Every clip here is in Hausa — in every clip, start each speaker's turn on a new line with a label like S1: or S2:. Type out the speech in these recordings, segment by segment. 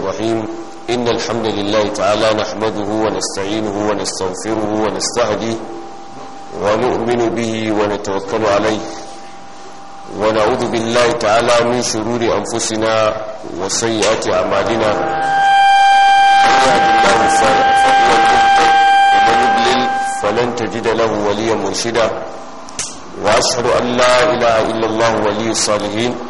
S1: الرحيم إن الحمد لله تعالى نحمده ونستعينه ونستغفره ونستهديه ونؤمن به ونتوكل عليه ونعوذ بالله تعالى من شرور أنفسنا وسيئات أعمالنا فلن تجد له وليا مرشدا وأشهد أن لا إله إلا الله ولي الصالحين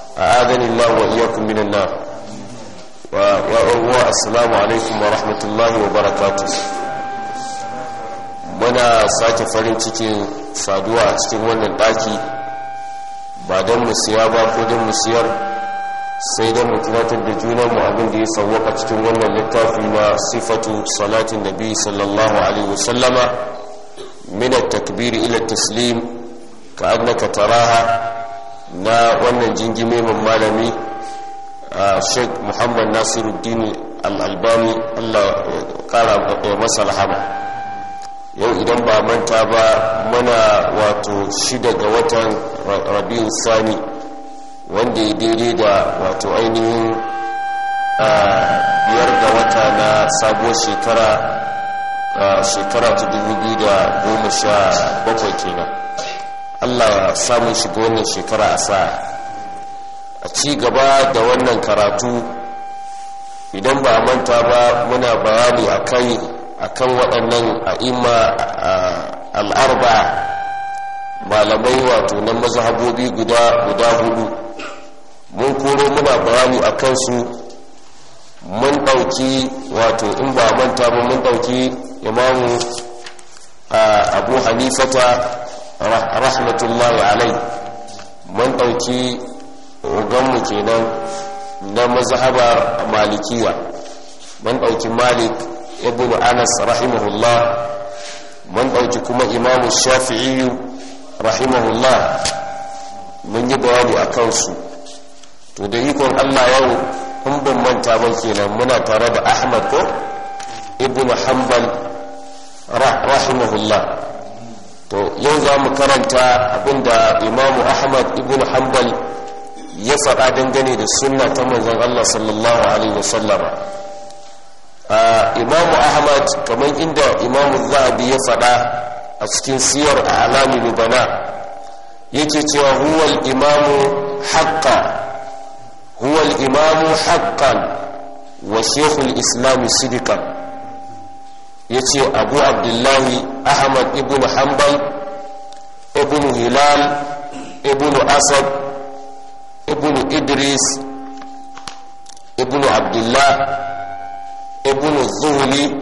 S1: أعاذني الله وإياكم من النار وأرواء السلام عليكم ورحمة wa barakatu muna sake farin cikin saduwa a cikin wannan ɗaki ba dan mu siya ba ko don mu siyar sai don mu tunatar da junanmu abin da ya sauwaka cikin wannan littafi na sifatu salatin nabi sallallahu alaihi wasallama min takbiri ila taslim ka annaka taraha na wannan jingime mai malami sheik muhammad nasiruddin al'albani allah kara masa alhama yau idan ba manta ba mana wato shida ga watan rabin sani wanda ya daidai da wato ainihin biyar ga wata na sabuwar shekara shekara ta bakwai kenan allah samun shiga wannan shekara a sa a ci gaba da wannan karatu idan ba manta ba muna bayani akan kai a kan waɗannan a'imma al'arba malamai wato na mazhabobi guda guda hudu mun koro muna bayani a kansu mun ɗauki wato in ba manta ba mun ɗauki imamu abu hanifata rahmatullahi alai mun ɗauki uganmu kenan na mazhabar malikiya mun ɗauki malik ibn anas rahimahullah mun ɗauki kuma imamu shafi'i rahimahullah mun yi bayani a kansu to da ikon allah yau in ban manta ba kenan muna tare da ahmad ko ibn hanbal rahimahullah to yau za mu karanta abinda imamu ahmad ibn hanbal ya faɗa dangane da sunna ta manzon allah sallallahu alaihi wasallama imamu ahmad kamar inda imamu zahabi ya faɗa a cikin siyar a alami lubana yake cewa huwal imamu haƙƙa huwal imamu haƙƙan wa shekul islami sidikan yace abu abdullahi ahmad ibn hanbal ibn hilal ibn asad ibn idris ibn abdullah ibn zuhli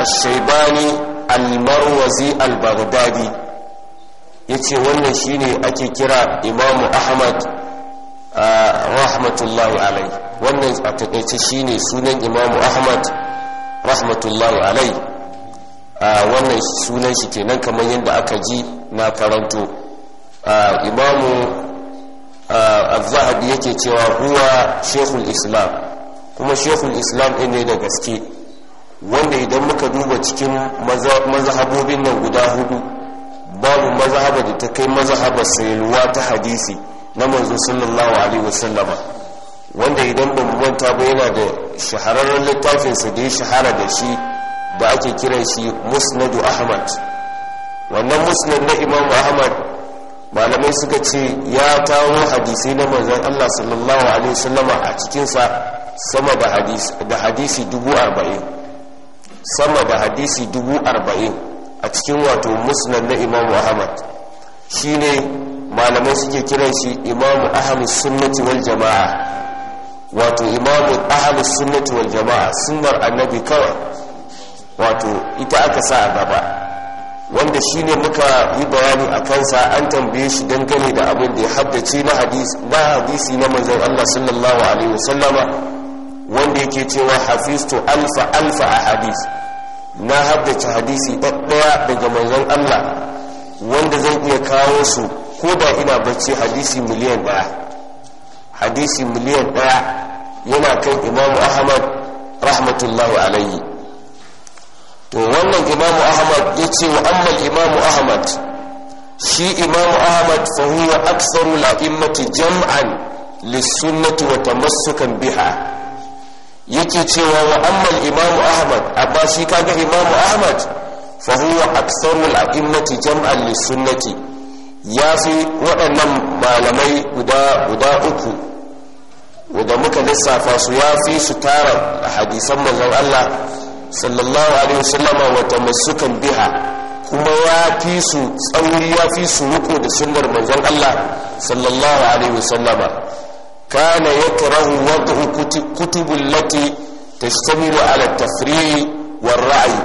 S1: الشيباني المروزي البغدادي yace wannan shine ake kira imamu ahmad rahmatullahi alai wannan a takaice shine sunan imamu ahmad rahmatullahi alai a wannan sunan shi kenan kamar yadda aka ji na karanto imamu al-zahabi yake cewa huwa shekul islam kuma shekul islam ɗin ne da gaske wanda idan muka duba cikin mazhabobin nan guda hudu babu mazhaba da ta kai mazhabar sayarwa ta hadisi na manzo sallallahu alaihi wasallama wanda idan ba manta ba yana da shahararren littafinsa da ya shahara da shi da ake kiran shi musnadu ahmad wannan musnad na imam ahmad malamai suka ce ya kawo hadisai na manzon allah sallallahu alaihi wasallama a cikinsa sama da hadisi dubu arba'in sama da hadisi dubu arba'in a cikin wato musnad na imam ahmad shine malamai suke kiran shi imam ahmad sunnati wal jama'a wato imamu ahalus sunnati wal jama'a sunnar annabi kawai wato ita aka sa a gaba wanda shine muka yi bayani a kansa an tambaye shi dangane da abin da ya haddace na hadisi na hadisi na manzon Allah sallallahu alaihi wasallama wanda yake cewa to alfa alfa a hadisi na haddace hadisi ɗaya daga manzon Allah wanda zan iya kawo su ko da ina bacci hadisi miliyan ɗaya hadisi miliyan ɗaya yana kan imamu ahmad rahmatullahi alayhi to wannan imamu ahmad ya ce wa amma imamu ahmad shi imamu ahmad fa huwa aktsaru la'immati jam'an lissunnati wa tamassukan biha yake cewa wa amma imamu ahmad amma shi kaga imamu ahmad fa huwa aktsaru la'immati jam'an lissunnati ya fi waɗannan malamai guda uku wadda muka lissafa su ya fi su tara a hadisan manzon Allah sallallahu alaihi wasallama wata masukan biha kuma ya fi su tsauri ya fi su riko da sunnar manzon Allah sallallahu alaihi wasallama kana yakrahu wad'u kutubul lati tashtamilu ala tafri war ra'yi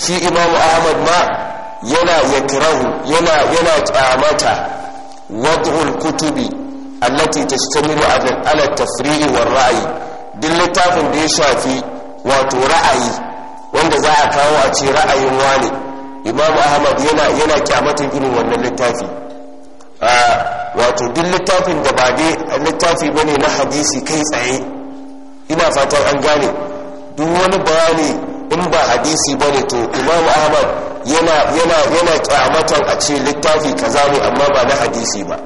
S1: shi imamu ahmad ma yana yakrahu yana yana kyamata wad'ul kutubi allati tashtamilu ala tafri'i wa ra'yi duk littafin da ya shafi wato ra'ayi wanda za a kawo a ce ra'ayin wani imam ahmad yana yana kyamatin irin wannan littafi wato duk littafin da ba dai littafi bane na hadisi kai tsaye ina fatan an gane duk wani bayani in ba hadisi bane to imam ahmad yana kyamatan a ce littafi kaza ne amma ba na hadisi ba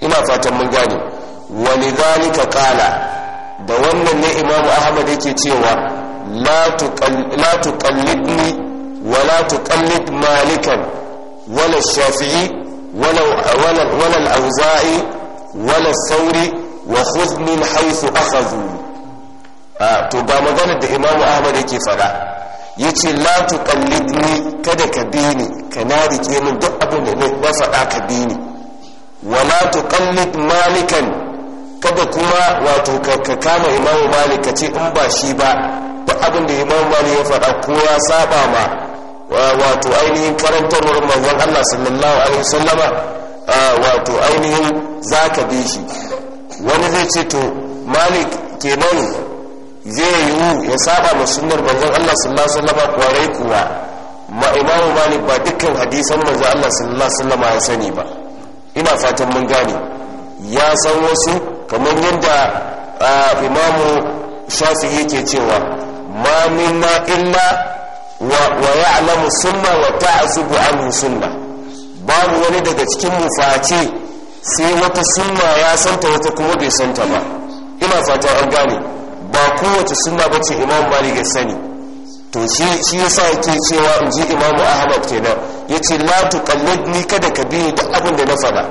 S1: ina fatan mun gane zalika kala da wannan ne imam ahmad yake cewa la tuqallidni wala tuqallid malikan wala shafi'i wala al-auza'i wala sauri wa khudh min haythu akhadhu ah, to ga maganar da imamu ahmad yake fada ce la kallidni kada ka bi ni ka na rike min duk abin da na faɗa ka bi ni wa latu kallid malikan kada kuma wato ka kama imamu malik ka ce in ba shi ba duk abin da imamu malik ya faɗa ko ya saba ma wato ainihin karantarwar manzon Allah sallallahu alaihi wasallama wato ainihin zaka bi shi wani zai ce to malik kenan zai yi ya saba ma sunar manzon Allah sallallahu alaihi wasallam kwarai kuwa ma imamu malik ba dukkan hadisan manzon Allah sallallahu alaihi wasallam ya sani ba ina fatan mun gane ya san wasu kamar yadda imamu shafi'i yake cewa ma minna illa wa ya'lamu sunna wa ta'zubu anhu sunna babu wani daga cikin mu face sai wata sunna ya santa wata kuma bai santa ba ina fatan an gane ba kowace suna ba ce imam malik ya sani to shi ya yasa yake cewa in ji imam ahmad kenan yace la kallid ni kada ka bi da abin da na faɗa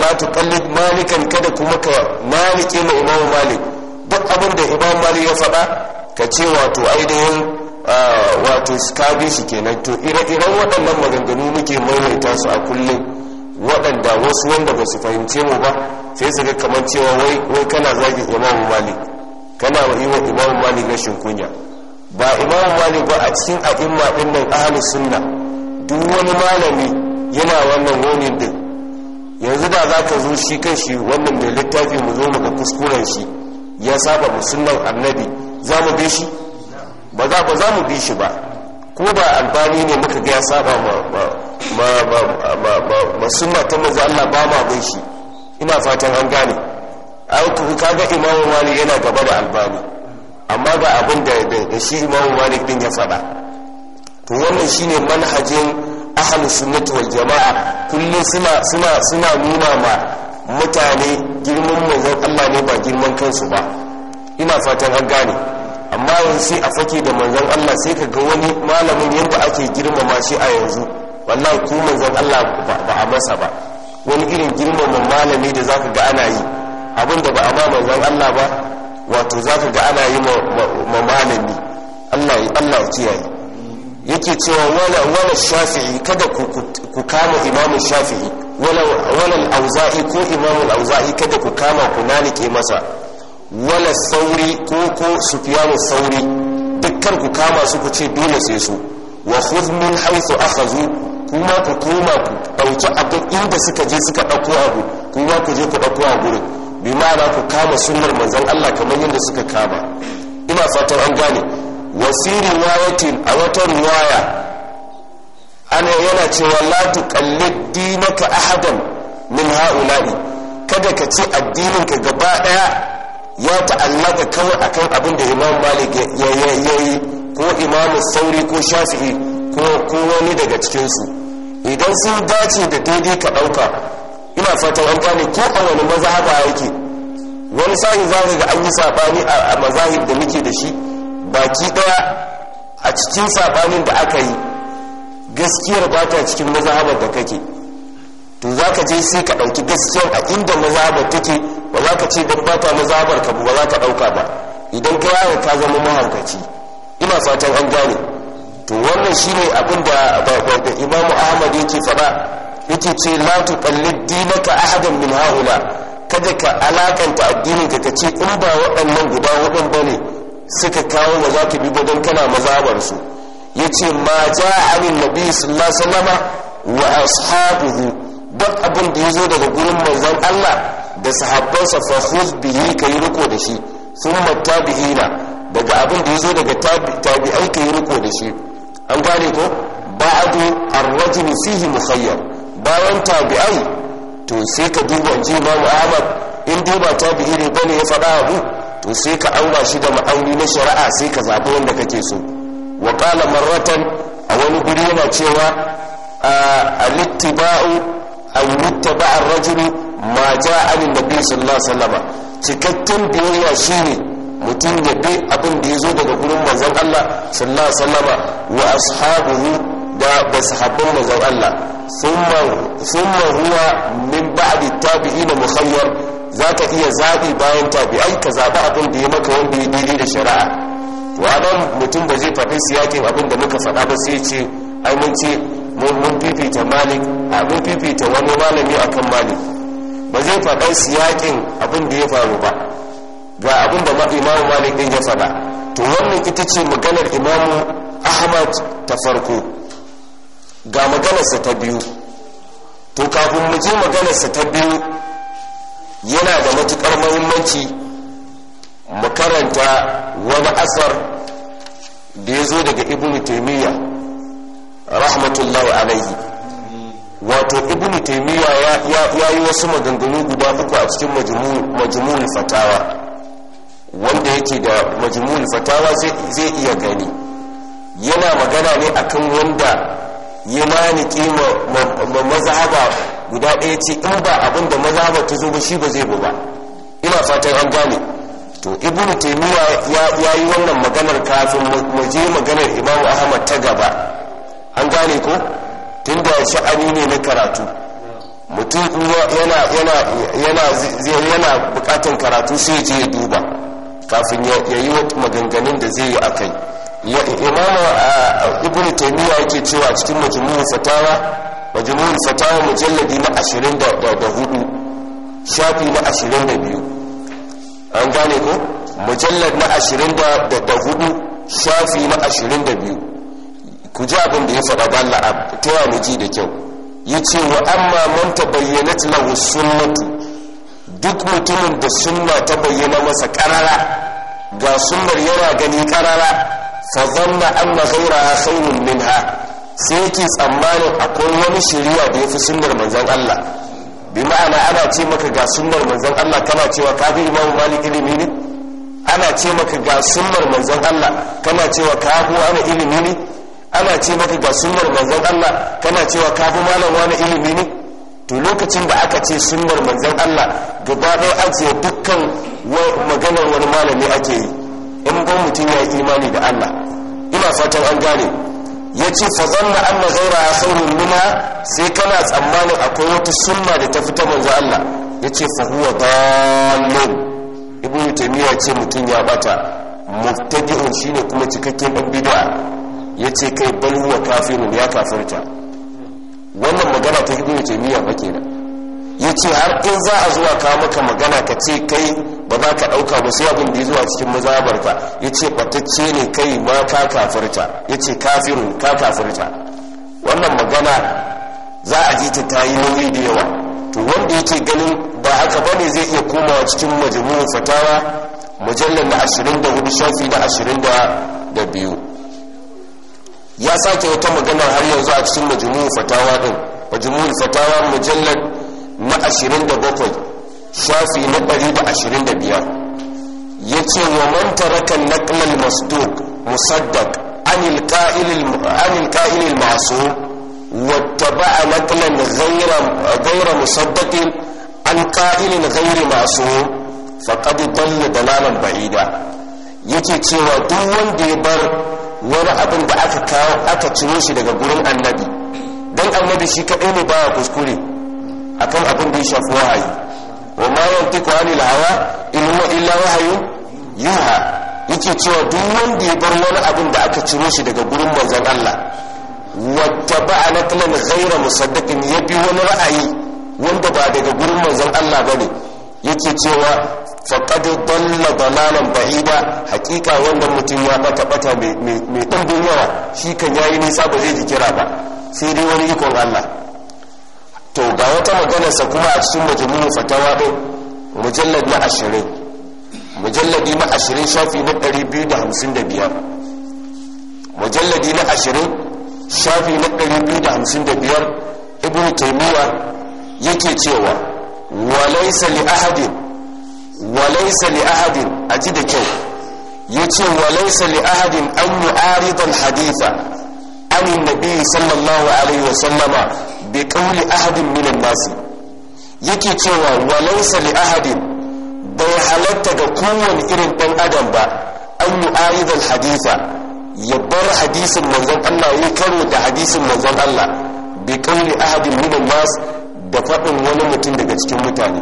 S1: latu kallid malikan kada kuma ka malike ma imam malik duk abin da imam malik ya faɗa ka ce wato ainihin wato ka bi shi kenan to ire-iren waɗannan maganganu muke maimaita su a kullum waɗanda wasu wanda ba su fahimce mu ba sai su ga kamar cewa wai kana zagin imamu malik kana yi wa imam malik rashin kunya ba imam malik ba a cikin a'imma din nan ahlus sunna duk wani malami yana wannan wonin din yanzu da za zo shi kan shi wannan mai littafi mu zo muka kuskuren shi ya saba mu sunnan annabi za bi shi ba za ba za mu bi shi ba ko ba albani ne muka ga ya saba ma ma ma ma ma sunna ta manzo Allah ba ma shi ina fatan an gane ka ga imamu malik yana gaba da albani amma ga abin da da shi imamu malik din ya faɗa to wannan shine manhajin ahlus sunnati wal jama'a kullum suna suna suna nuna ma mutane girman manzon Allah ne ba girman kansu ba ina fatan an gane amma yanzu sai a fake da manzon Allah sai ka ga wani malamin yadda ake girmama shi a yanzu wallahi ko manzon Allah ba a masa ba wani irin girmama malami da zaka ga ana yi abin da ba a ba manzon Allah ba wato za ka ga ana yi ma malami Allah ya kiyaye yake cewa wala wala shafi'i kada ku kama imam shafi'i wala wala auza'i ko al-awza'i kada ku kama ku nalike masa wala sauri ko ko sufyanu sauri dukkan ku kama su ku ce dole sai su wa khudh min haythu akhadhu kuma ku koma ku dauki abin inda suka je suka dauko abu kuma ku je ku dauko a gurin bi ma'ana ku kama sunnar manzon Allah kamar yadda suka kama ina fatan an gane wasi wayatin a wata riwaya ana yana cewa la tuqallid dinaka ahadan min ha'ula'i kada ka ci addinin ka gaba daya ya ta'allaka kawai akan abin da Imam Malik ya yi ko Imam Sauri ko Shafi'i ko ko wani daga cikin su idan sun dace da daidai ka dauka ina fatan an gane ko a wani mazhaba yake wani sahi za ga an yi sabani a mazahib da muke da shi baki daya a cikin sabanin da aka yi gaskiyar ba ta cikin mazhabar da kake to za ka je sai ka ɗauki gaskiyar a inda mazhabar take ba za ka ce don ba ta mazhabar ka ba za ka ɗauka ba idan ka yaya ka zama maharkaci ina fatan an gane to wannan shine abin da imamu ahmad yake faɗa yake ce la tuqallid dinaka ahadan min haula kada ka alakanta addininka ka ce in ba waɗannan guda hudun bane suka kawo da za ka bi don kana mazabar su yace ma ja'a anin nabi sallallahu alaihi wa ashabuhu duk abin da yazo daga gurin manzon Allah da sahabbansa fa khuz bihi kai riko da shi thumma tabihina daga abin da yazo daga tabi'ai kai riko da shi an gane ko ba'du ar-rajul fihi mukhayyar bayan tabi'ai to sai ka duba ji ahmad in duba tabi'i ne bane ya faɗa abu to sai ka aura shi da ma'auni na shari'a sai ka zaɓi wanda kake so wa qala marratan a wani guri yana cewa a ittibau aw muttaba'u ar-rajulu ma alin da nabi sallallahu alaihi cikakken biyayya shine mutum ya bi abin da ya zo daga gurin manzon Allah sallallahu alaihi wa ashabuhu da da sahabban manzon Allah sun huwa min ba'di tabi'ina mukhayyar zaka iya zabi bayan tabi'ai ka zabi abin da ya maka wanda ya daidai da shari'a to adam mutum ba zai faɗi siyakin abin da muka faɗa ba sai ce ai mun ce mun fifita malik a mun fifita wani malami akan malik ba zai faɗa siyakin abin da ya faru ba ga abin da imamu malik din ya faɗa to wannan ita ce maganar imamu ahmad ta farko ga maganarsa ta biyu to kafin mu je maganarsa ta biyu yana da matuƙar mahimmanci mu karanta wani asar da ya zo daga ibn taimiyya rahmatullahi alaihi wato ibn taimiyya ya yi wasu maganganu guda uku a cikin majimun fatawa wanda yake da majimun fatawa zai iya gani yana magana ne akan wanda yi kima ma mazaba guda ɗaya ce in ba abin da mazhaba ta zo ba shi ba zai bu ba ina fatan an gane to ibnu taymiya ya yi wannan maganar kafin mu je maganar imamu ahmad ta gaba an gane ko tunda sha'ani ne na karatu mutum yana yana yana yana bukatun karatu sai je duba kafin ya yi maganganun da zai yi akai imam ibn taymiya yake cewa cikin majmu'ul fatawa majmu'ul fatawa mujalladi na 24 shafi na 22 an gane ko mujallad na 24 shafi na 22 ku ji abin da ya faɗa da Allah ta mu ji da kyau yace wa amma man tabayyanat lahu sunnatu duk mutumin da sunna ta bayyana masa karara ga sunnar yana gani karara fa zanna anna ghayraha khayrun minha sai yake tsammanin akwai wani shari'a da yafi sunnar manzon Allah bi ma'ana ana ce maka ga sunnar manzon Allah kana cewa ka bi imamu malik ilimi ne ana ce maka ga sunnar manzon Allah kana cewa ka fi wani ilimi ne ana ce maka ga sunnar manzon Allah kana cewa ka fi malam wani ilimi ne to lokacin da aka ce sunnar manzon Allah gaba ɗaya ajiye dukkan maganar wani malami ake yi in ban mutum ya yi imani da Allah ina fatan an gane ya ce fa zanna Allah zaura ya saurin nuna sai kana tsammanin akwai wata sunna da ta fita manzo Allah ya ce fa huwa dallon ibn taymiya ce mutum ya bata mubtadi'un shine kuma cikakken dan bid'a ya ce kai bal huwa kafirun ya kafirta wannan magana ta ibn taymiya fa kenan ya ce har in za a zuwa kawo maka magana ka ce kai ba za ka ɗauka ba sai abin da ya zuwa cikin mazabarka ya ce ɓatacce ne kai ma ka kafirta ya ce kafirun ka kafirta wannan magana za a ji ta ta yi nauyi da yawa to wanda yake ganin ba haka ba ne zai iya komawa cikin majmu'u fatawa mujallar na hudu shafi na biyu. ya sake wata magana har yanzu a cikin majmu'u fatawa din majmu'u fatawa mujallar na 27 shafi na 125 ya ce wa man tarakan naqlal masduq musaddaq anil qa'il anil qa'il al ma'sum wattaba naqlan ghayra an qa'il ghayr ma'sum faqad dalla dalalan ba'ida yake cewa duk wanda ya bar wani abin da aka kawo ciro shi daga gurin annabi dan annabi shi kadai ne baya kuskure akan abin da ya shafi wahayi wa ma yantiku anil hawa in huwa illa wahayu yuha yake cewa duk wanda ya bar wani abin da aka ciro shi daga gurin manzon Allah wata ba'a na zaira musaddiqin ya bi wani ra'ayi wanda ba daga gurin manzon Allah bane yake cewa faqad dalla dalalan ba'ida hakika wanda mutum ya bata bata mai ɗumbin yawa shi kan yayi nisa ba zai ji kira ba sai dai wani ikon Allah to ga wata maganarsa kuma a cikin majmu'u fatawa din mujallad na ashirin mujalladi na ashirin shafi na ɗari biyu da hamsin da biyar mujalladi na ashirin shafi na ɗari biyu da hamsin da biyar ibn yake cewa walaisa li ahadin walaisa li ahadin a ji da kyau yace walaisa li ahadin an yi al-haditha an nabi sallallahu alaihi wa sallama bi qawli ahadin minan nasi yake cewa walaysa li ahadin bai halatta ga kowane irin dan adam ba an yu'arid al haditha ya bar hadisin manzon Allah ya karo da hadisin manzon Allah bi qawli ahadin minan nas da faɗin wani mutum daga cikin mutane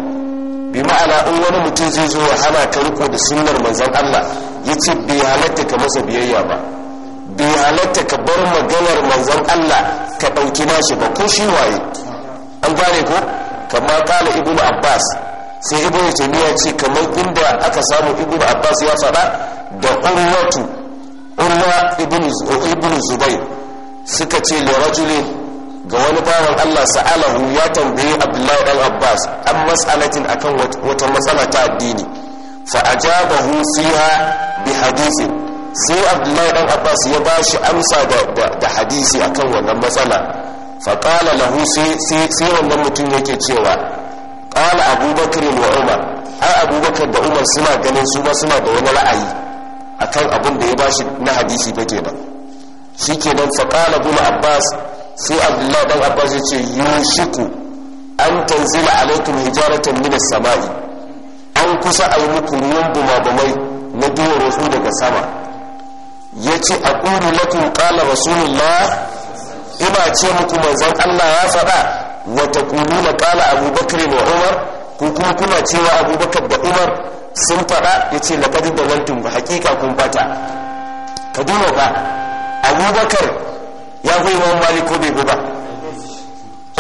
S1: bi ma'ana in wani mutum zai zo ya hana ka da sunnar manzon Allah yace bai halatta ka masa biyayya ba bai ka bar maganar manzon Allah ka ɗauki nashi ba ko shi waye an gane ko kamar kala ibnu abbas sai ibnu ya ce kamar inda aka samu ibn abbas ya faɗa da urwatu urwa ibnu zubair suka ce li ga wani bawan Allah sa'alahu ya tambayi Abdullahi dan Abbas an matsalatin akan wata matsala ta addini fa ajabahu fiha bi hadithin sai abdullahi dan abbas ya ba shi amsa da hadisi akan wannan matsala faƙala lahu sai wannan mutum yake cewa ƙala abubakar wa umar ai abubakar da umar suna ganin su ba suna da wani ra'ayi akan abin da ya ba shi na hadisi ba ke kenan shi kenan faƙala guma abbas sai abdullahi dan abbas ya ce yushiku an tanzila alaikum hijaratan min samai an kusa a yi muku ruwan bumabumai na duwar wasu daga sama ya ce a ƙuri lakum ƙala rasulullah ina ce muku manzan allah ya faɗa wata na ƙala abubakar da umar ko kuma kuna cewa abubakar da umar sun faɗa ya ce laƙadi da wantum ba hakika kun bata ka duba ba abubakar ya fi imam mali ko bai ba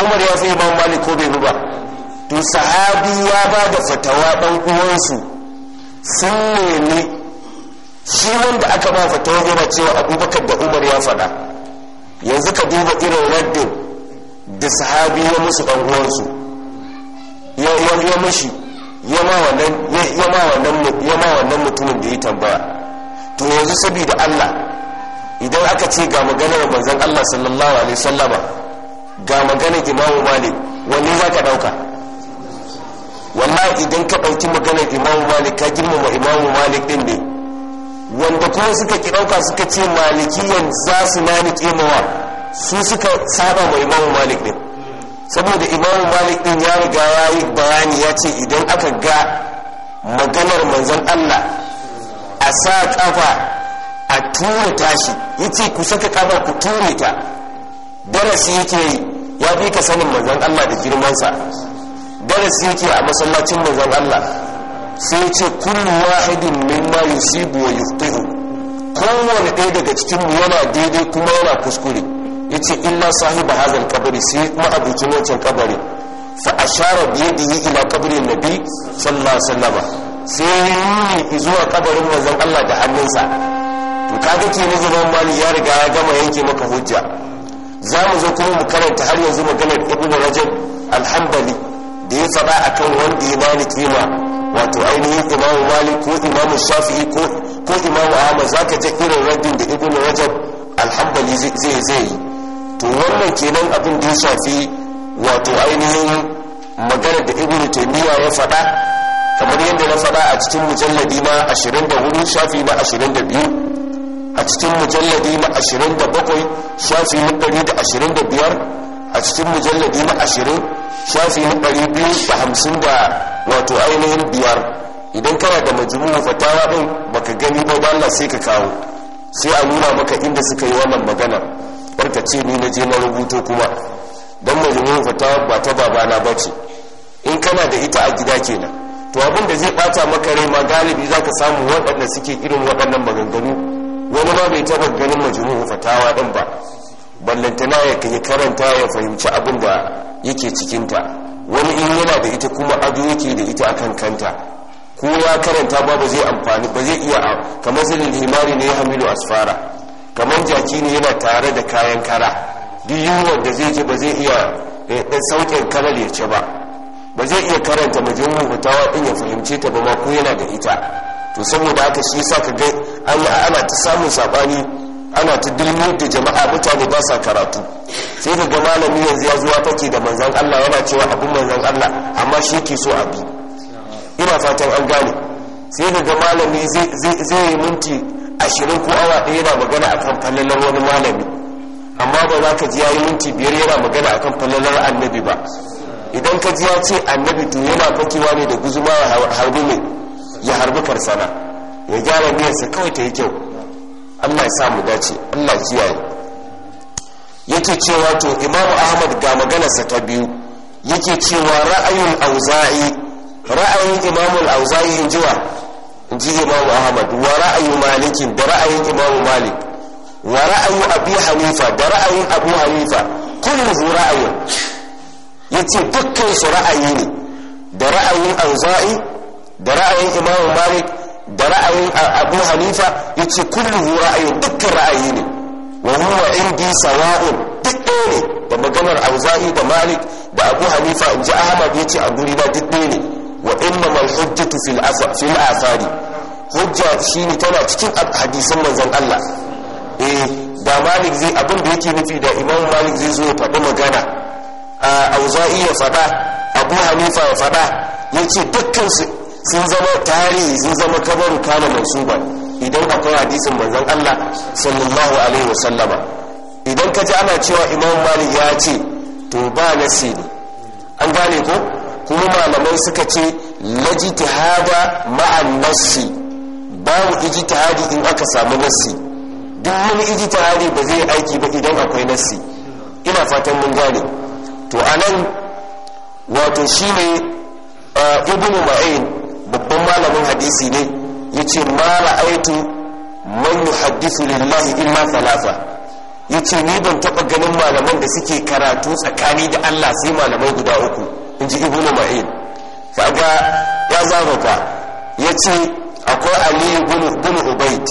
S1: umar ya fi imam mali ko bai ba to sahabi ya ba da fatawa ɗan uwansu sun nemi shi wanda aka ba fatawa yana cewa abubakar da umar ya faɗa yanzu ka duba irin raddin da sahabi ya musu ɗanguwarsu ya mashi ya ma wannan mutumin da ya tambaya to yanzu saboda allah idan aka ce ga maganar manzon allah sallallahu alaihi sallama ga maganar imamu malik wanne za ka ɗauka wallahi idan ka ɗauki maganar imamu malik ka girmama imamu malik ɗin ne wanda kuma suka ki ɗauka suka ce malikiyan za su nanike mawa su suka saba ma imam malik din saboda imam malik din ya riga ya yi bayani ya ce idan aka ga maganar manzon allah a sa kafa a tura tashi ya ce ku saka kafa ku ture ta darasi yake ya fi ka sanin manzon allah da girmansa darasi yake a masallacin manzon allah sai ce kullu wahidin mimma yusibu wa yuqtihu kowane ɗaya daga cikin mu yana daidai kuma yana kuskure yace illa sahiba hazal kabari sai kuma abucin wancan kabari fa ashara bi yadihi ila kabrin nabi sallallahu alaihi wasallam sai yi zuwa kabarin manzon Allah da hannunsa to kaga ke ne zaman mali ya riga ya gama yanke maka hujja za mu zo kuma mu karanta har yanzu maganar ibnu rajab alhambali da ya faɗa akan wanda ya bani kima wato ainihin imamu malik ko imamu shafi'i ko imamu ahama za ka je irin raddin da ibn rajab alhambali zai zai to wannan kenan abin da ya shafi wato ainihin magana da ibn taymiya ya faɗa kamar yadda na faɗa a cikin mujalladi na 24 shafi na 22 a cikin mujalladi na 27 shafi na 125 a cikin mujalladi na 20 shafi na 250 wato ainihin biyar idan kana da majmu'u fatawa din baka gani ba da Allah sai ka kawo sai a nuna maka inda suka yi wannan magana barka ce ni na je na rubuto kuma dan majmu'u fatawa ba ta babana bace in kana da ita a gida kenan to abin da zai bata maka rai ma galibi zaka samu waɗanda suke irin waɗannan maganganu wani ma bai taɓa ganin majmu'u fatawa din ba ballantana ya karanta ya fahimci abin da yake cikinta wani in yana da ita kuma ado yake da ita akan kanta ko ya karanta ba ba zai amfani ba zai iya kamar himari ne ya hamilu asfara kamar jaki ne yana tare da kayan kara duk yunwar da zai ce ba zai iya eh, ɗan sauƙin karar ya ce ba ba zai iya karanta majin hutawa ɗin ya fahimce ta ba ma ko yana da ita to saboda haka shi sa ka ga ana ta samun saɓani ana ta dilmar da jama'a mutane ba sa karatu sai ka ga malami yanzu ya zuwa take da manzan Allah yana cewa abin manzan Allah amma shi ke so abi ina fatan an gane sai ka ga malami zai yi minti ashirin ko awa ɗaya yana magana a kan fallalar wani malami amma ba za ka ji ya yi minti biyar yana magana a kan fallalar annabi ba idan ka ji ya ce annabi to yana fakewa ne da guzuma ya harbi karsana ya gyara miyarsa kawai ta yi kyau Allah ya mu dace Allah kiyaye yake cewa to imam'u Ahmad ga maganarsa ta biyu yake cewa ra'ayin auza'i ra'ayin imamu auzai in jiwa in ji Imam Ahmad wa ra'ayi malikin da ra'ayin imam'u Malik wa ra'ayi Abi Hanifa da ra'ayin Abu Hanifa kullu ra'ayin yace dukkan su ra'ayi ne da ra'ayin auza'i da ra'ayin imam'u Malik da ra'ayin abu halifa ya ce kulluhu ra'ayi dukkan ra'ayi ne wa huwa indi sawa'un duk ɗaya ne da maganar auza'i da malik da abu halifa in ji ahmad ya ce a guri ba duk ɗaya ne wa inna mal hujjatu fil afari hujja shine tana cikin hadisan manzon Allah eh da malik zai abin da yake nufi da imam malik zai zo ya faɗi magana a auza'i ya faɗa abu halifa ya faɗa ya ce dukkan su sun zama tarihi sun zama kabaru kana mansuba idan akwai hadisin manzon Allah sallallahu alaihi wasallama idan ka ji ana cewa imam malik ya ce to ba nasi ne an gane ko kuma malamai suka ce lajitihada ma'an nassi babu ijtihadi in aka samu nassi duk wani ijtihadi ba zai aiki ba idan akwai nassi ina fatan mun gane to anan wato shine uh, ibnu ma'in babban malamin hadisi ne ya yace mara aitu man yuhaddithu lillahi illa thalatha ce ni ban taba ganin malaman da suke karatu tsakani da Allah sai malamai guda uku inji ibnu ma'in kaga ya ya ce akwai ali ibn ubayd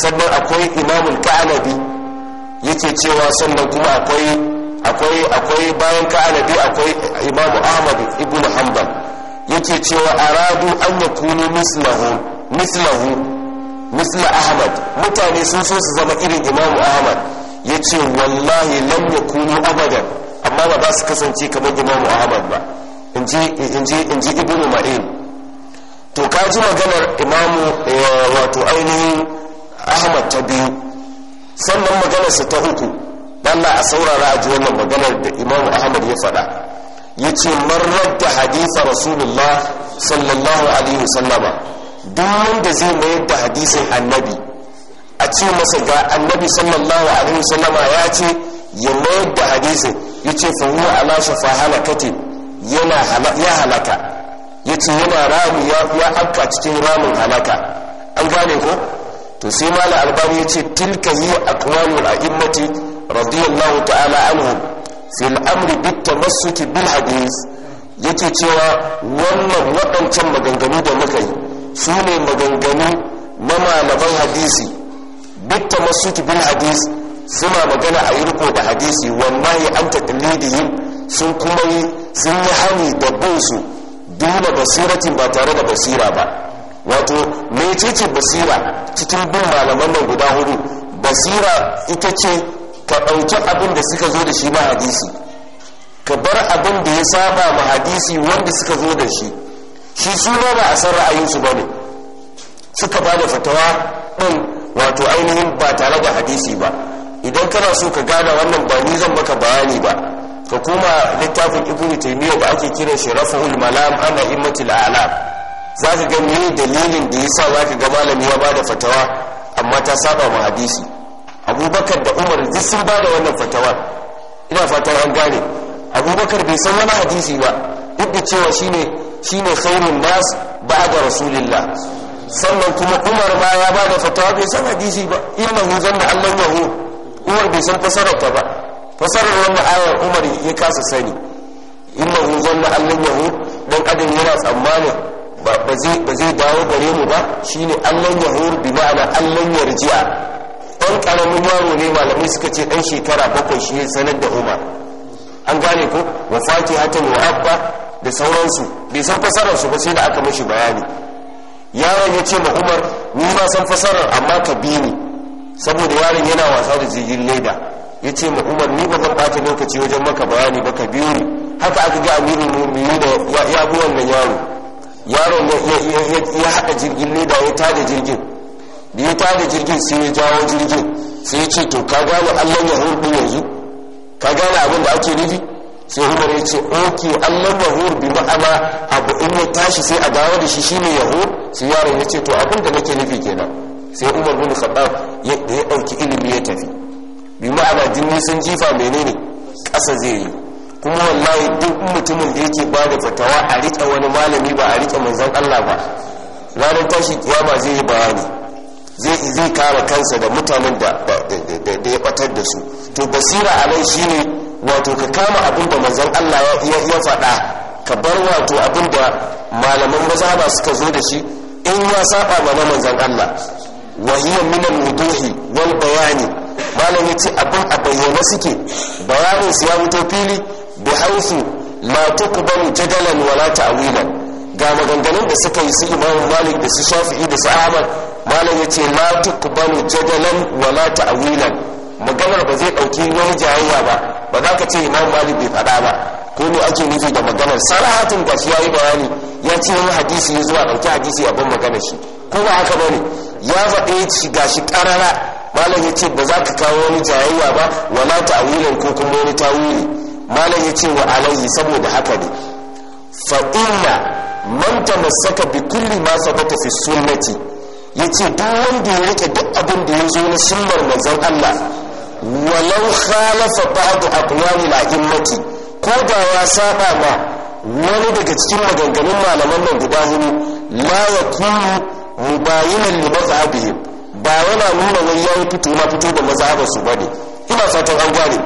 S1: sannan akwai imamul ka'anabi yake cewa sannan kuma akwai akwai akwai bayan ka'anabi akwai imamu ahmad ibn hanbal yake cewa aradu an yakunu mislahu mislahu misla ahmad mutane sun so su zama irin imamu ahmad ya ce wallahi lam ya kunu abadan amma ba za su kasance kamar imamu ahmad ba in ji ibnu ma'in to ka ji maganar imamu eh, wato ainihin ahmad ta biyu sannan maganarsa ta uku Allah a saurara a ji wannan maganar da imamu ahmad ya faɗa yace man radda hadisa rasulullah sallallahu alaihi wasallama duk wanda zai mayar da hadisin annabi a ce masa ga annabi sallallahu alaihi wasallama ya ce ya mayar da hadisin yace fa huwa ala shafa halakati yana ya halaka yace yana rami ya afka cikin ramin halaka an gane ko to sai mala albani yace tilka hiya aqwalul a'immati radiyallahu ta'ala anhum sil'amri amri bit tamassuki bil hadith yake cewa wannan waɗancan maganganu da muka yi su ne maganganu na malaman hadisi masu tamassuki bil hadis suna magana a yi riko da hadisi ya an taqlidihim sun kuma yi sun yi hani da bunsu duna basiratin ba tare da basira ba wato cece basira cikin bin malaman nan guda hudu basira ita ce ka ɗauki abin da suka zo da shi ba hadisi ka bar abin da ya saba ma hadisi wanda suka zo da shi shi su ba a san ra'ayinsu ba ne suka ba da fatawa ɗin wato ainihin ba tare da hadisi ba idan kana so ka gane wannan ba ni zan maka bayani ba ka koma littafin ibnu taymiya da ake kiran shi rafa'ul malam ana immatul a'la za ka ga me dalilin da yasa za ka ga malami ya ba da fatawa amma ta saba ma hadisi abubakar da umar duk sun ba da wannan fatawar ina fatan an gane abubakar bai san wani hadisi ba duk da cewa shine shine khairun nas da rasulillah sannan kuma umar ma ya ba da fatawa bai san hadisi ba innahu zanna allahu umar bai san fasararta ba fasarar wannan ayar umar ya kasa sani innahu zanna allahu dan adam yana tsammanin ba zai dawo gare mu ba shine allahu bi ma'ana allahu yarji'a ɗan ƙaramin yaro ne malamai suka ce ɗan shekara bakwai shi sanar da umar an gane ko wa fatihatan wa abba da sauransu bai san fasarar su ba sai da aka mashi bayani yaron ya ce ma umar ni ba san fasarar amma ka bi ni saboda yaron yana wasa da jirgin leda ya ce ma umar ni ba zan ɓata lokaci wajen maka bayani ba ka biyo ni haka aka ga mu biyu da ya bi yaro yaron ya haɗa jirgin leda ya tada jirgin da ya tada jirgin sai ya jawo jirgin sai ya ce to ka gane allon yahur din yanzu ka gane abin da ake nufi sai umar ya ce ok allon yahur bi ma'ana abu in ya tashi sai a dawo da shi shi shine yahur sai yaron ya ce to abin da nake nufi kenan sai umar bin khattab ya dauki ilimi ya tafi bi ma'ana jinni sun jifa menene kasa zai yi kuma wallahi duk mutumin da yake ba da fatawa a riƙe wani malami ba a riƙe manzon Allah ba ranar tashi kiyama zai yi bayani zai kama kansa da mutanen da ya batar da su to basira a nan shine wato ka kama abin da manzon Allah ya faɗa ka bar wato abin da malaman mazhaba suka zo da shi in ya saba ma na manzon Allah wa hiya min al-wuduhi wal bayani malam yace abin a bayyane suke bayanin su ya fito fili bi hausu la tuqbalu jadalan wala ta'wilan ga maganganun da suka yi su imamu malik da su shafi'i da su ahmad malam ya ce la tuqbalu jadalan wa la maganar ba zai dauki wani jayayya ba ba za ka ce imamu malik bai faɗa ba ko ne ake nufi da maganar sarahatin ga shi yi bayani ya ce wani hadisi ya zuwa ɗauki hadisi a ban maganar shi ko ba haka bane ya faɗe shi gashi karara malam ya ce ba za ka kawo wani jayayya ba wa la ta'wilan ko kuma wani tawili malam ya ce wa alaihi saboda haka ne fa man tamassaka bi kulli ma sabata fi sunnati yace duk wanda ya rike duk abin da ya zo na sunnar manzon Allah walau khalafa ba'd aqwali al-a'immati ko da ya saba ma wani daga cikin maganganun malaman nan guda hudu la yakunu mubayinan li mazhabihim ba yana nuna wani yayi fito na fito da mazhabansu bane ina fatan an gane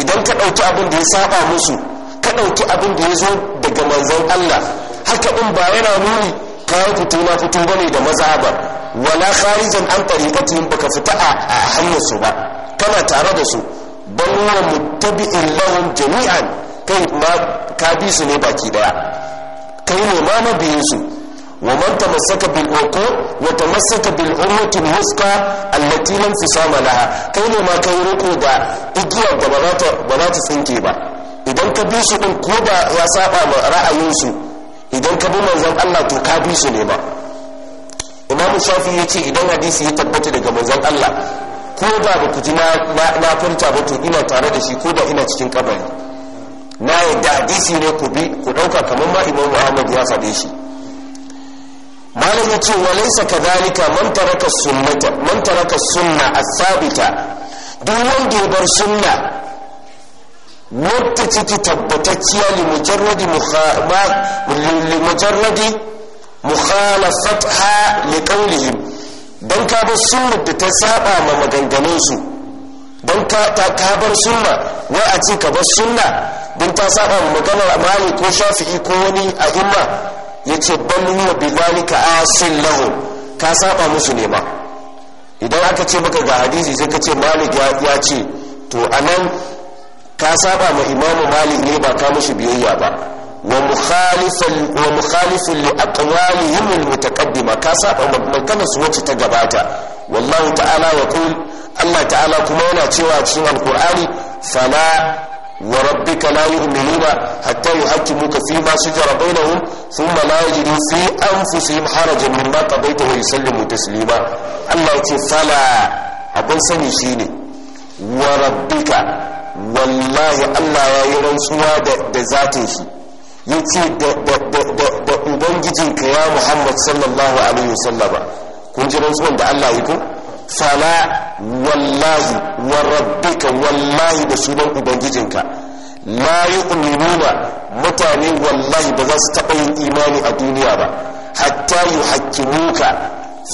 S1: idan ka ɗauki abin da ya saba musu ka ɗauki abin da ya zo daga manzon Allah haka ɗin ba yana nuni kayan fito na fito ba ne da maza wala kharijan an tariqatihim baka fita a hanyar su ba kana tare da su bal huwa muttabi'in lahum jami'an kai ma ka bi su ne baki daya kai ne ma mabiyin su wa ومن تمسك بالوقوع وتمسك بالعروة الوثقى التي لا انفصام لها كاين ما كاين ركو دا اجيا دا بلاتا بلاتا سنكي ba idan ka bi su din ko da ya saba ma ra'ayinsu idan ka bi manzon Allah to ka bi su ne ba imam shafi ya ce idan hadisi ya tabbata daga manzon Allah ko ba ba ku ji na furta ba to ina tare da shi ko da ina cikin kabari na yadda hadisi ne ku bi ku dauka kamar ma imam Muhammad ya faɗe shi malam ya ce wa laysa kadhalika man taraka sunnata man taraka sunna as duk wanda ya bar sunna wadda ciki tabbatacciya mujarradi mukhalafatha ha liƙaunihim don ka bar sunna da ta saba ma su don ka bar sunna wa a ce ka bar sunna don ta saba ma maganar mali ko shafi'i ko wani a imma ya ce bal huwa bi zalika lahu ka saba musu ne ba idan aka ce maka ga hadisi sai ka ce malik ya ce to anan ka saba ma imamu malik ne ba ka mishi biyayya ba wa mukhalifin li aqwali himil mutaqaddima ka saba magana su wacce ta gabata wallahi ta'ala wa kul Allah ta'ala kuma yana cewa cikin alqur'ani fala wa rabbika la yu'minuna hatta yuhaqqimuka fi ma shajara bainahum thumma la yajidu fi anfusihim harajan mimma qadaita wa yusallimu taslima Allah ce fala abun sani shine wa wallahi allah ya yi rantsuwa da zatin shi ya ce da ka ya muhammad sallallahu alaihi wasallam kun ji rantsuwan da allah ya ko fala wallahi wa rabbika wallahi da sunan ubangijinka la ba mutane wallahi ba za su taɓa yin imani a duniya ba hatta yuhakkimuka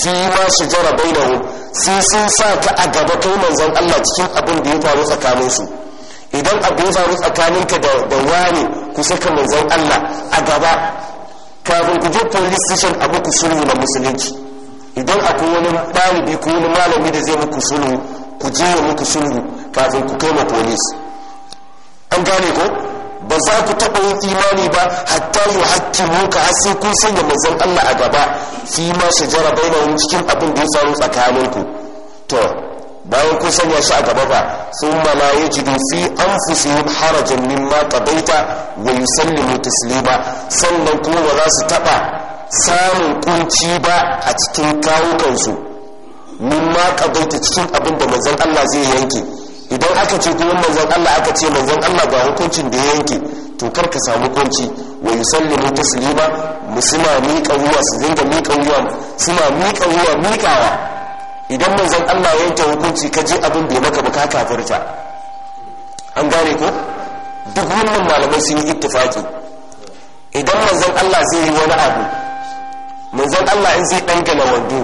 S1: fi ma su jara bainahum sai sun sa ka a gaba kai manzon Allah cikin abin da ya faru tsakaninsu su idan abu ya faru tsakaninka da wani ku saka manzon Allah a gaba kafin ku je police station abu ku sulhu na musulunci idan akwai wani ɗalibi ko wani malami da zai muku sulhu ku je ya muku sulhu kafin ku kai ma police an gane ko ba za ku taɓa yin imani ba hatta yi hakki muka har sai kun sanya manzon Allah a gaba fi ma shajara bainahum cikin abin da ya faru tsakaninku to bayan kun sanya shi a gaba ba sun ma yi yajidu fi anfusihim harajan mimma qadaita wa yusallimu taslima sannan kuma ba za su taɓa samun kunci ba a cikin kawukansu mimma qadaita cikin abin da manzon Allah zai yanke idan aka ce kuma manzon Allah aka ce manzon Allah ga hukuncin da ya yanke to kar ka samu kunci wa yusallimu taslima musuma miƙa ruwa su dinga miƙa ruwa suna miƙa ruwa miƙawa idan manzon Allah ya yanke hukunci ka je abin bai maka ba ka kafirta an gane ko duk wannan malamai sun yi ittifaki idan manzon Allah zai yi wani abu manzon Allah in zai dangana wando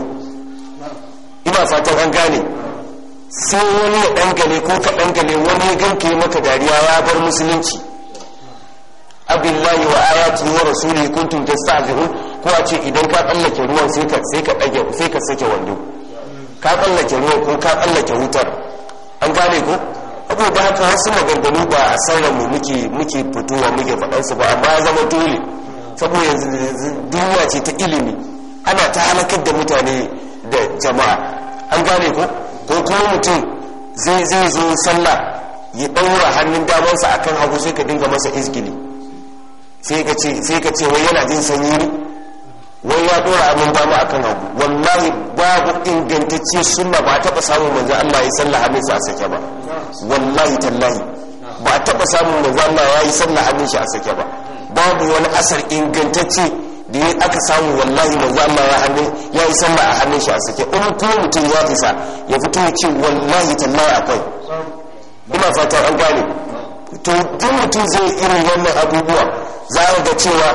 S1: ina fatan an gane sai wani ya dangane ko ka dangane wani ya ganke maka dariya ya bar musulunci abillahi wa ayati wa rasuli kuntum tastahzi'un ko a ce idan ka tsallake ruwan sai ka sai ka sai ka sake wando ka tsallake ruwa ko ka tsallake wutar an gane ko da haka wasu maganganu ba a sauran mu muke muke fitowa muke faɗansu ba amma ya zama dole saboda yanzu duniya ce ta ilimi ana ta halakar da mutane da jama'a an gane ko ko kuma mutum zai zai zo sallah ya ɗaura hannun damansa akan hagu sai ka dinga masa izgili sai ka ce wai yana jin sanyi ne wai ya dora abin mu akan hagu wallahi babu ingantacce sunna ba taba samun manzo Allah ya sallah hannun sa a sake ba wallahi tallahi ba taba samun manzo Allah ya yi sallah hannun shi a sake ba babu wani asar ingantacce da ya aka samu wallahi manzo Allah ya hannun ya yi sallah a hannun shi a sake in ko mutum ya fisa ya fito ya ce wallahi tallahi akwai ina fata an gane to duk mutum zai irin wannan abubuwa za ka ga cewa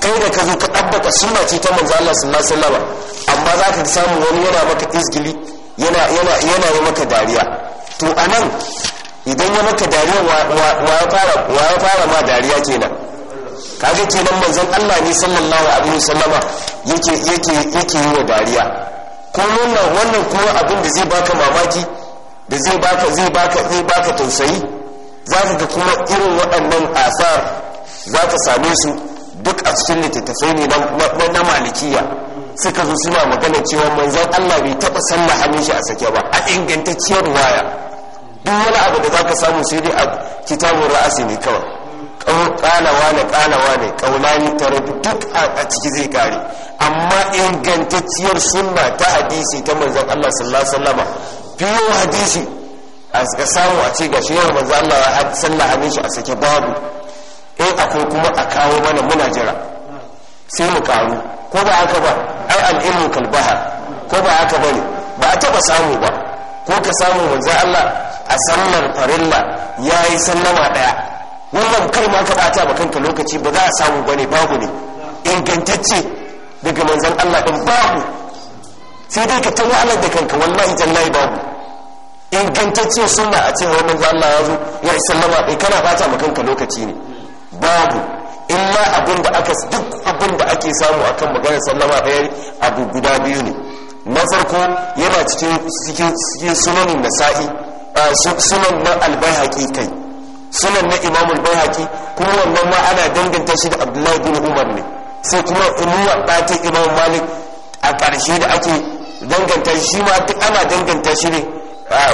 S1: kai da ka zo ka ɗabbaka suna ce ta manzo Allah sallallahu alaihi wasallam amma za ka samu wani yana maka izgili yana yana yana yi maka dariya to anan idan ya maka dariya wa ya fara wa ya fara ma dariya kenan kaga kenan manzon Allah ne sallallahu alaihi wasallama yake yake yake yi wa dariya ko wannan wannan ko abin da zai baka mamaki da zai baka zai baka zai baka tausayi za ka ga kuma irin waɗannan asar za ta same su duk a cikin littattafai ne na malikiya suka zo suna magana cewa manzan Allah bai taɓa sallah hannun shi a sake ba a ingantacciyar waya duk wani abu da za ka samu sai dai a kitabun ra'asi ne kawai kalawa ne kalawa ne ta tare duk a ciki zai kare amma ingantacciyar sunna ta hadisi ta manzan Allah sallallahu alaihi hadisi a samu a ce gashi Allah sallallahu alaihi a sake babu akwai kuma a kawo mana muna jira sai mu karu ko ba haka ba ai al'ilmu kalbahar ko ba haka ba ne ba a taba samu ba ko ka samu manzo Allah a sallar farilla yayi sallama daya wannan kai ma ka bata ba kanka lokaci ba za a samu ne babu ne ingantacce daga manzon Allah din babu sai dai ka Allah da kanka wallahi jallahi babu ingantacce sunna a cewa manzo Allah ya zo ya sallama dai kana bata ma kanka lokaci ne babu illa abin da aka duk abin da ake samu akan maganar sallama ɗaya abu guda biyu ne na farko yana cikin sunanin nasa'i sunan na albayhaƙi kai sunan na imam albayhaƙi kuma wannan ma ana danganta shi da abdullahi bin umar ne sai kuma inuwa ɗatin imam malik a ƙarshe da ake danganta shi ma duk ana danganta shi ne a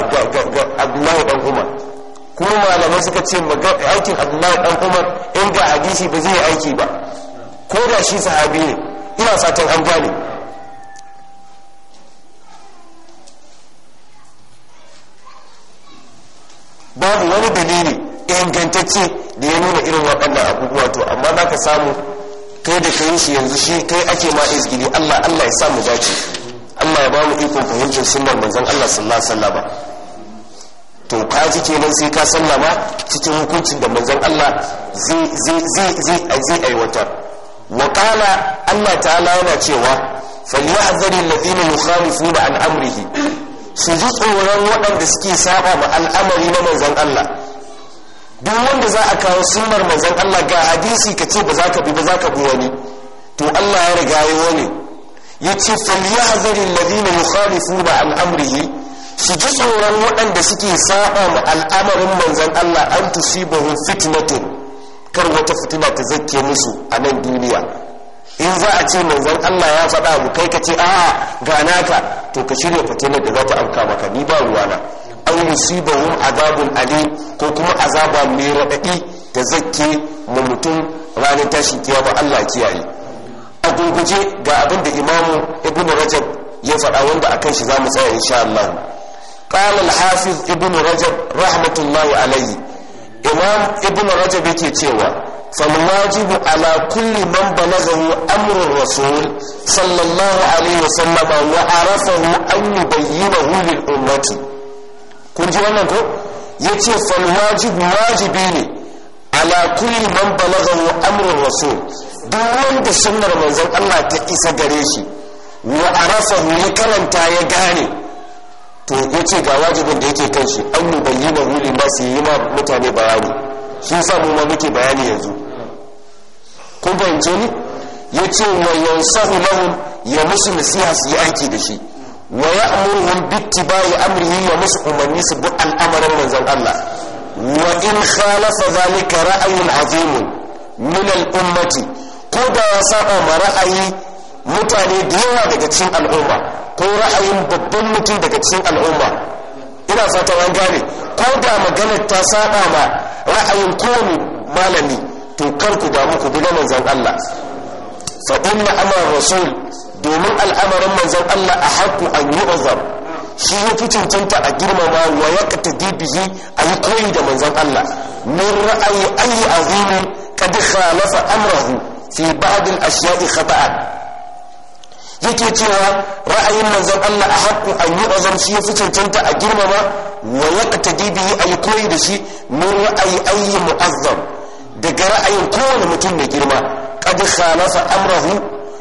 S1: abdullahi bin umar ko malamai suka ce aikin abdullahi dan umar in ga hadisi ba zai aiki ba ko da shi sahabi ne ina satan an gane babu wani dalili ingantacce da ya nuna irin waɗannan abubuwa to amma za ka samu kai da kai shi yanzu shi kai ake ma izgili allah allah ya samu dace allah ya ba mu ikon fahimtar sunan manzon allah sallallahu alaihi wasallam to ka ji kenan sai ka sallama cikin hukuncin da manzon Allah zai aiwatar wa qala Allah ta'ala yana cewa falyahzari alladhina yukhalifuna an amrihi su ji tsoron waɗanda suke saba ma al'amari na manzon Allah duk wanda za a kawo sunnar manzon Allah ga hadisi ka ce ba za ka bi ba za ka bi wani to Allah ya riga ya wani yace falyahzari alladhina yukhalifuna an amrihi su ji tsoron waɗanda suke saba ma al'amarin manzan Allah an tusibahum fitnatun kar wata fitina ta zake musu a nan duniya in za a ce manzan Allah ya faɗa mu kai ka ce a'a ga naka to ka shirya fitinar da za ta auka maka ni ba ruwana an azabin azabun ali ko kuma azaba mai raɗaɗi ta zake ma mutum ranar tashin kiyama Allah kiyaye a gurguje ga abin da imamu ibnu rajab ya faɗa wanda akan shi za mu tsaya insha قال الحافظ ابن رجب رحمة الله عليه إمام ابن رجب يتيوى فالواجب على كل من بلغه أمر الرسول صلى الله عليه وسلم وعرفه أن يبينه للأمة كنت أنكو يتي فالواجب واجبين على كل من بلغه أمر الرسول دون بسنة من الله تئس قريشي وعرفه لكلم تايقاني to ya ce ga wajibin da yake kan shi an mu bayyana hulin ba su yi ma mutane bayani shi sa mu ma muke bayani yanzu kun fahimce ni ya ce wa yansahu lahum ya musu nasiha su yi aiki da shi wa ya'muruhum bittiba'i amrihi ya musu umarni su bi al'amarin manzon Allah wa in khalafa zalika ra'ayun azimun min al-ummati ko da ya saba ma ra'ayi mutane da yawa daga cikin al'umma ko ra'ayin babban mutum daga cikin al'umma ina fatan an gane ko da maganar ta saba ma ra'ayin kowane malami to kar ku damu ku bi na manzon Allah fa inna amara rasul domin al'amarin manzon Allah a haku an yi azab shi ya fi cancanta a girmama wa ya katadi bihi a yi koyi da manzon Allah min ra'ayi ayi azimin kad khalafa amrahu fi ba'd al-ashya'i khata'an yake cewa ra'ayin manzon Allah a haƙƙu an yi azam shi ya fi cancanta a girmama wa yaqtadi bihi ay koyi da shi min ra'ayi ayyi mu'azzam daga ra'ayin kowane mutum mai girma kadi khalafa amrahu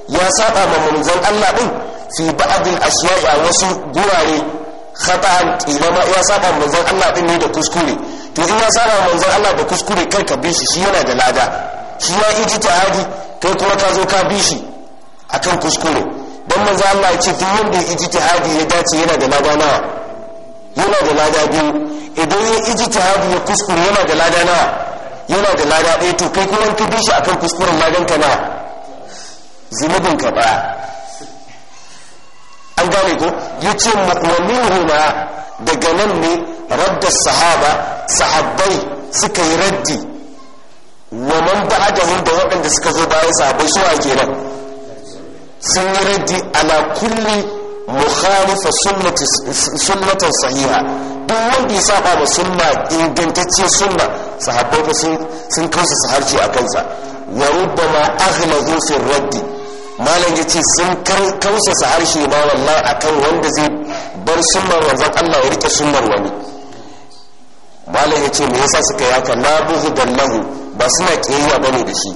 S1: ya saba ma manzon Allah din fi ba'd al wasu gurare khata'an ila ya saba manzon Allah din ne da kuskure to in ya saba manzon Allah da kuskure kar ka bi shi shi yana da lada shi ya ijtihadi kai kuma ka zo ka bi shi akan kuskure mun za Allah ce duk wanda ya ijtihadi ya dace yana da lada nawa yana da lada biyu idan ya ijtihadi ya kuskure yana da lada nawa yana da lada ɗaya to kai kuma ka bi shi akan kuskuren ladan ka na zunubin ka ba an gane ko yace mu'minu ma daga nan ne radda sahaba sahabbai suka yi raddi wa man ba'adahum da waɗanda suka zo bayan sahabbai a kenan sun yi raddi ala kulli mukhalifa sunnatan sahiha duk wanda ya saba ba sunna ingantacce sunna sahabbai ba sun kansa su harshe a kansa wa ma aghladu zufin raddi malam ce sun kansa su harshe ba a akan wanda zai bar sunnar wanzan Allah ya rike sunnar wani malam ce me yasa suka yi haka la da lahu ba suna kiyayya ne da shi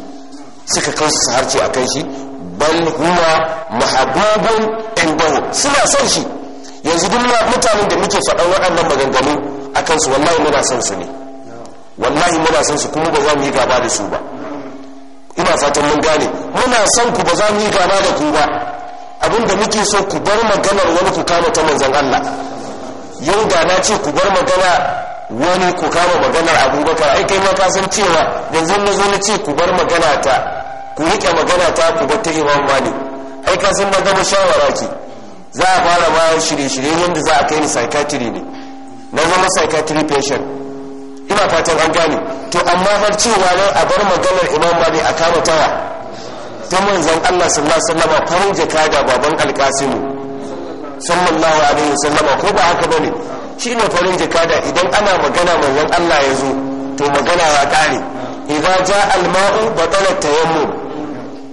S1: suka kansa su a kan shi bal huwa mahabubun indahu suna son shi yanzu duk mutanen da muke faɗan waɗannan maganganu akan su wallahi muna son su ne wallahi muna son su kuma ba za mu yi gaba da su ba ina fatan mun gane muna son ku ba za mu yi gaba da ku ba abin da muke so ku bar maganar wani ku kama ta manzan Allah yau da na ce ku bar magana wani ku kama maganar abubakar ai kai ma ka san cewa yanzu na zo na ce ku bar magana ta ku riƙe magana ta ku ba ta imam malik ai ka san magana shawara ki za a fara bayan shirye-shirye yadda za a kai ni psychiatry ne na zama psychiatry patient ina fatan an gane to amma har cewa ne a bar maganar imam malik a kama tawa ta manzan allah sallallahu alaihi wasallam farin jaka ga baban alkasimu sallallahu alaihi wasallam ko ba haka bane shine farin jaka da idan ana magana manzon allah ya zo to magana ya kare idza ja al-ma'u batala tayammum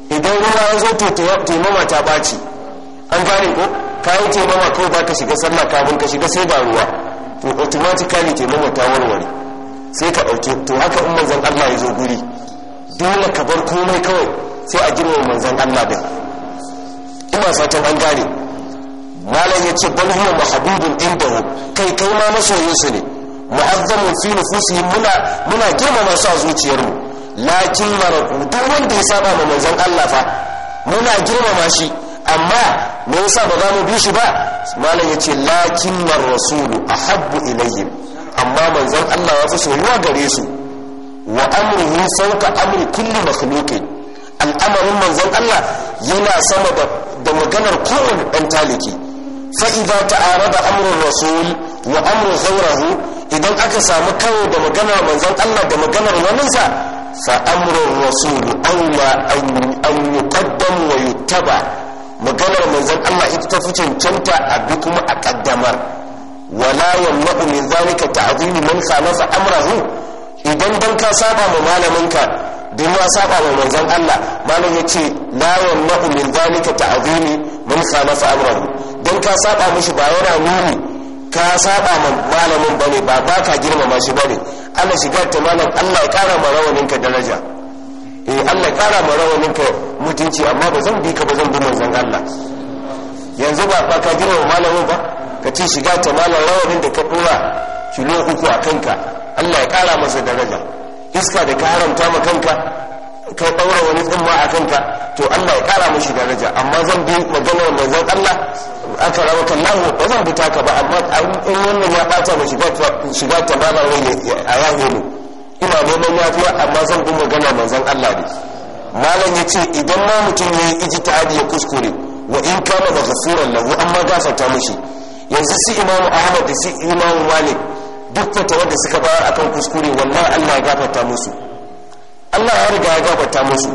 S1: idan ruwa ya zo taimama ta ɓaci an gane ko ka yi taimama kawai ba ka shiga sallah kafin ka shiga sai ba ruwa to automatically taimama ta warware sai ka ɗauke to haka in manzan allah ya zo guri dole ka bar komai kawai sai a girmama manzan allah din ina fatan an gane malam ya ce bal huwa mahabubun indahu kai kai ma masoyinsu ne mu'azzamun fi nufusihim muna muna girmama su a zuciyarmu lakin maraku duk wanda ya saba ma manzon Allah fa muna girmama shi amma me yasa ba za mu bi shi ba malam yace lakin mar rasulu ahabbu ilayhim amma manzon Allah ya fi soyuwa gare su wa amruhu fawqa amri kulli makhluqin al'amarin manzon Allah yana sama da da maganar kowane dan taliki fa idza ta'arada amru rasul wa amru ghayrihi idan aka samu kawo da maganar manzon Allah da maganar waninsa فأمر الرسول أولى أن يقدم ويتبع maganar manzon Allah ita ta fi cancanta a bi kuma a kaddamar wala yamna'u min zalika ta'zimu man khalafa amrahu idan dan ka saba ma malaminka dan ya saba ma manzon Allah malam yace la yamna'u min zalika ta'zimi man khalafa amrahu dan ka saba mishi ba yana nuni ka saba ma malamin bane ba ba ka girmama shi bane ana shiga ta malam Allah ya kara ma rawaninka daraja eh Allah ya kara ma rawaninka mutunci amma ba zan bi ka ba zan bi manzon Allah yanzu ba ba ka jira malamin ba ka ci shiga ta malam rawanin da ka dora kilo uku a kanka Allah ya kara masa daraja iska da ka haramta ma kanka ka daura wani tsumma a kanka to Allah ya kara mishi daraja amma zan bi maganar manzon Allah fara wata nan ba zan fita ka ba amma in wannan ya bata ba shiga ta ba ne a ne ina neman yafiya amma zan bi magana manzon Allah ne malam ya ce idan ma mutum ya yi ijtihadi ya kuskure wa in kana maghfuran lahu amma gafarta mishi yanzu si imamu ahmad da si imamu malik duk fatawa da suka bayar akan kuskure wallahi Allah ya gafarta musu Allah ya riga ya gafarta musu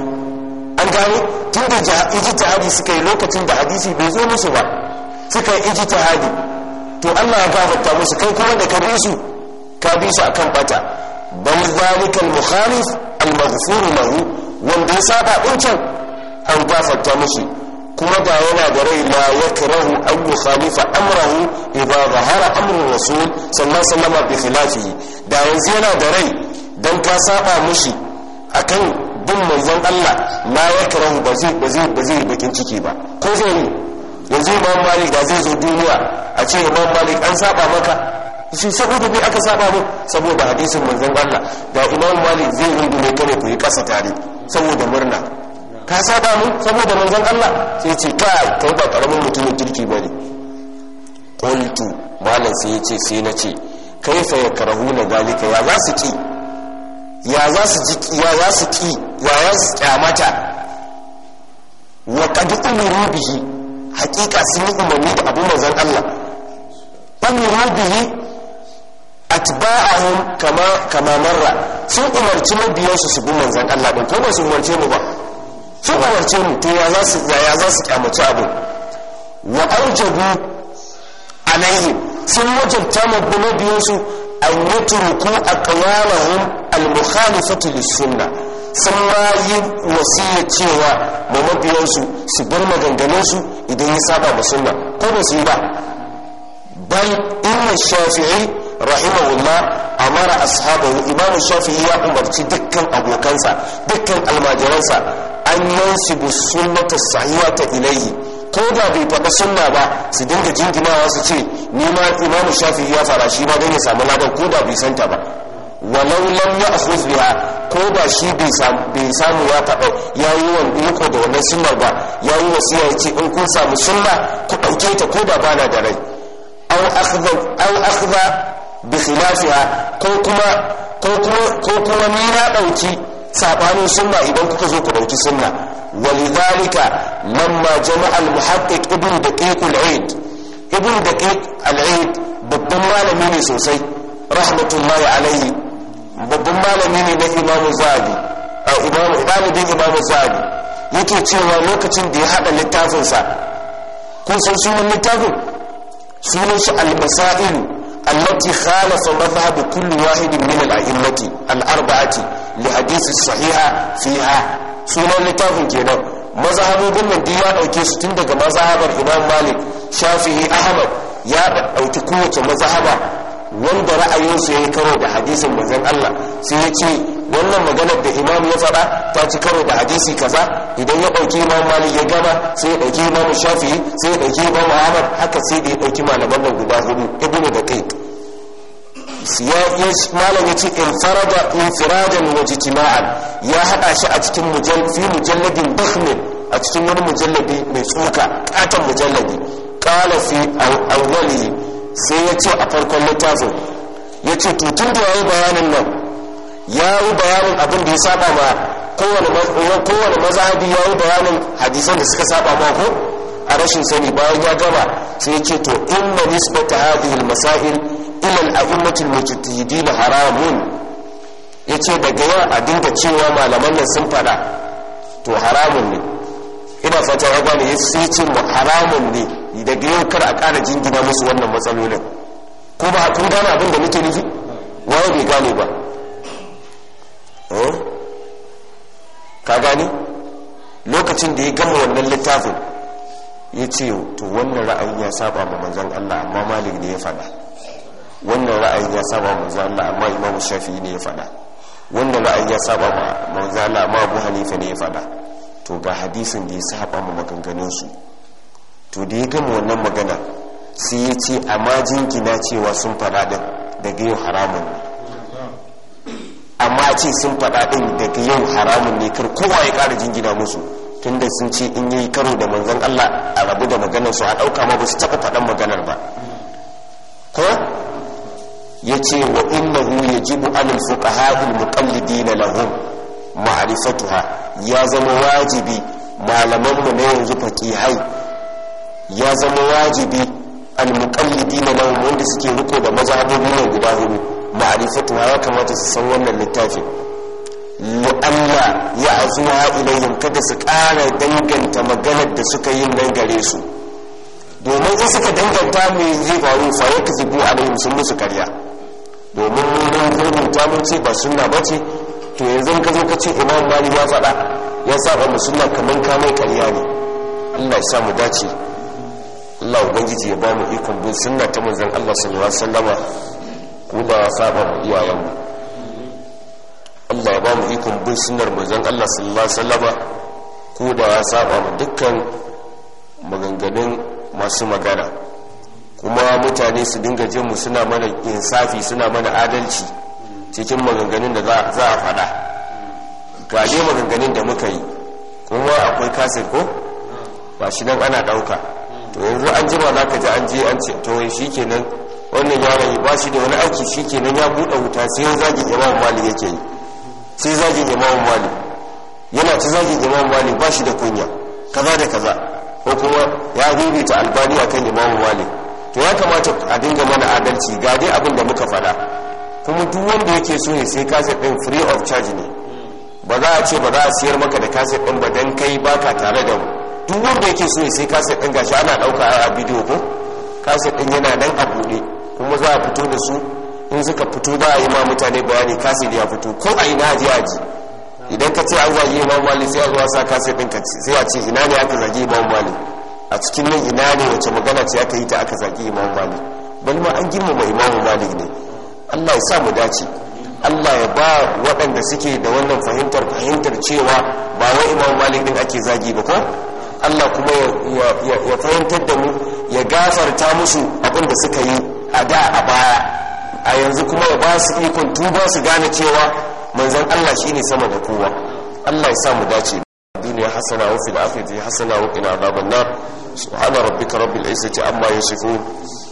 S1: an gane tun da ijtihadi suka yi lokacin da hadisi bai zo musu ba suka yi hadi to Allah ya gafarta musu kai kuma da ka bi su ka bi su akan bata bal zalika al mukhalif al maghfur lahu wanda ya saba dincan an gafarta musu kuma da yana da rai la yakrahu an yukhalifa amrahu idza zahara amru rasul sallallahu alaihi wasallam bi khilafihi da yanzu yana da rai dan ka saba mushi akan bin manzon Allah la yakrahu ba zai ba zai bakin ciki ba ko zai yanzu imam malik da zai zo duniya a ce imam malik an saba maka shi saboda me aka saba mu saboda hadisin manzon Allah da imam malik zai rungume ka ne ku yi kasa tare saboda murna ka saba mu saboda manzon Allah sai ce ka kai ba karamin mutumin kirki bane qultu malam sai yace sai na ce kaifa na dalika ya za su ki ya za su ji ya za su ki ya za su kyamata wa qad umiru bihi hakika sun yi umarni da abu manzon Allah umaru bihi a kama kama marra sun umarci mabiyansu su bi manzon Allah ɗin ko ba su umarce mu ba sun umarce mu to ya za su kyamaci za su kyamaci abu wa aujabu alaihim sun wajabta mabiyansu an a aqwalahum al-mukhalifatu lis-sunnah sun ma yi wasiya cewa ma mabiyansu su su bar su idan ya saba da sunna ko ba su yi ba bal inna shafi'i rahimahullah amara ashabahu imamu shafi'i ya umarci dukkan abokansa dukkan almajiransa an yansibu sunnata sahihata ilayhi ko da bai faɗa sunna ba su dinga jingimawa su ce ni ma imamu shafi'i ya fara shi ma don ya samu ladan ko da bai santa ba walau lam ya asus biha ko ba shi bai samu ya faɗa ya yi wa riko da wannan sunnar ba ya yi wasiya ya ce in kun samu sunna ku ɗauke ta ko da bana da rai au akhza bi khilafiha ko kuma ko kuma ko kuma ni na ɗauki sabanin sunna idan kuka zo ku ɗauki sunna walidhalika lamma jama'a al-muhaqqiq ibn daqiq al-aid ibn daqiq al-aid babban malami ne sosai rahmatullahi alaihi babban malami ne na imamu zabi a imamu ɗalibin imamu zabi yake cewa lokacin da ya haɗa littafinsa kun san sunan littafin sunan shi al-masailu allati khalafa madhhab kulli wahidin min al-a'immati al-arba'ati li hadith sahiha fiha sunan littafin kenan mazhabobin nan duk ya dauke su tun daga mazhabar imam malik shafi'i ahmad ya dauki kowace mazhaba wanda ra'ayinsu ya yi karo da hadisin manzon Allah sai ya ce wannan maganar da imam ya faɗa ta ci karo da hadisi kaza idan ya ɗauki imam malik ya gama sai ya ɗauki imam sai ya ɗauki imam ahmad haka sai da ya ɗauki malaman nan guda hudu ibnu da kai malam ya ce infarada infiradan wa jitima'an ya haɗa shi a cikin fi mujalladin dakhmin a cikin wani mujalladi mai tsoka katon mujalladi qala fi awwalihi sai ya ce a farkon littafin ya ce tutun da ya yi bayanin nan ya yi bayanin abin da ya saba ma kowane mazhabi ya yi bayanin hadisan da suka saba ma ko a rashin sani bayan ya gaba sai ya ce to inna nisbata hadhihi al-masail ila al-a'immatil mujtahidin haramun yace daga yau a dinga cewa malaman nan sun fada to haramun ne ina fata ya gane sai ce haramun ne daga yau kar a ƙara jingina musu wannan matsalolin ko ba kun gane abin da muke nufi waye bai gane ba eh? ka gane lokacin da ya gama wannan littafin ya ce to wannan ra'ayin ya saba ma manzan Allah amma malik ne ya faɗa wannan ra'ayin ya saba ma manzan Allah amma imamu shafi ne ya faɗa wannan ra'ayin ya saba ma manzan Allah amma abu hanifa ne ya faɗa to ga hadisin da ya saba ma maganganunsu to da ya gama wannan magana sai ya ce amma jingina cewa sun faɗa ɗin daga yau haramun ne amma ce sun faɗa ɗin daga yau haramun ne kar kowa ya ƙara jingina musu tunda sun ce in yi karo da manzan Allah a rabu da maganar su a ɗauka ma ba su taɓa faɗan maganar ba ko ya ce wa innahu yajibu alal fuqaha'il muqallidina lahun ma'rifatuha ya zama wajibi malamanmu mu na yanzu fakihai ya zama wajibi na nan wanda suke riko da mazhabobi ne guda hudu ma'rifatu ya kamata su san wannan littafin mu'alla ya azuwa ilayhim kada su ƙara danganta maganar da suka yi nan gare su domin in suka danganta mu zai faru fa ya kafi bu alayhim sun musu karya domin mun dan rubuta mun ce ba sunna bace to yanzu ka zo ka ce imam mali ya faɗa ya saba mu sunna kaman ka karya ne Allah ya sa mu dace Allah ubangiji ya ba mu ikon bin sunna ta manzon Allah sallallahu alaihi wasallama ko da saba mu iyawan mu Allah ba mu ikon bin sunnar manzon Allah sallallahu alaihi wasallama ko da ya saba mu dukkan maganganun masu magana kuma mutane su dinga jin mu suna mana insafi suna mana adalci cikin maganganun da za a faɗa ga maganganun da muka yi kuma akwai kasir ko ba shi nan ana ɗauka to yanzu an jima za ka ji an je an ce to shi kenan wannan yaron ba shi da wani aiki shi kenan ya buɗe wuta sai zagin imamu mali yake yi sai zagin imamu mali yana ci zagin imamu mali ba shi da kunya kaza da kaza ko kuma ya bibita albani kan imamu mali to ya kamata a dinga mana adalci ga dai abin da muka faɗa kuma duk wanda yake so ne sai kaset ɗin free of charge ne ba za a ce ba za a siyar maka da kaset ɗin ba don kai baka tare da mu duk wanda yake so sai kaset ɗin gashi ana ɗauka a bidiyo ko kaset ɗin yana nan a buɗe kuma za a fito da su in suka fito ba a yi ma mutane bayani kaset ya fito ko a ina aji aji idan ka ce an zagi imam mali sai a zuwa sa kaset ɗin sai a ce ina ne aka zagi imam mali a cikin nan ina ne wace magana ce aka yi ta aka zagi imam mali bal ma an girmama imam mali ne allah ya sa mu dace allah ya ba waɗanda suke da wannan fahimtar fahimtar cewa ba wai imam mali din ake zagi ba ko Allah kuma ya fahimtar da mu ya gafarta musu abin da suka yi a da a baya a yanzu kuma ya ba su ikon tuba su gane cewa manzan Allah shi ne sama da kowa Allah ya sa mu dace duniya hasana wa fil akhirati hasana wa qina adhaban nar subhana rabbika rabbil izzati amma yasifun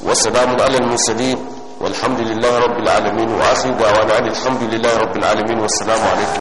S1: wa salamun alal mursalin والحمد لله رب العالمين وآخر دعوانا الحمد لله رب العالمين والسلام عليكم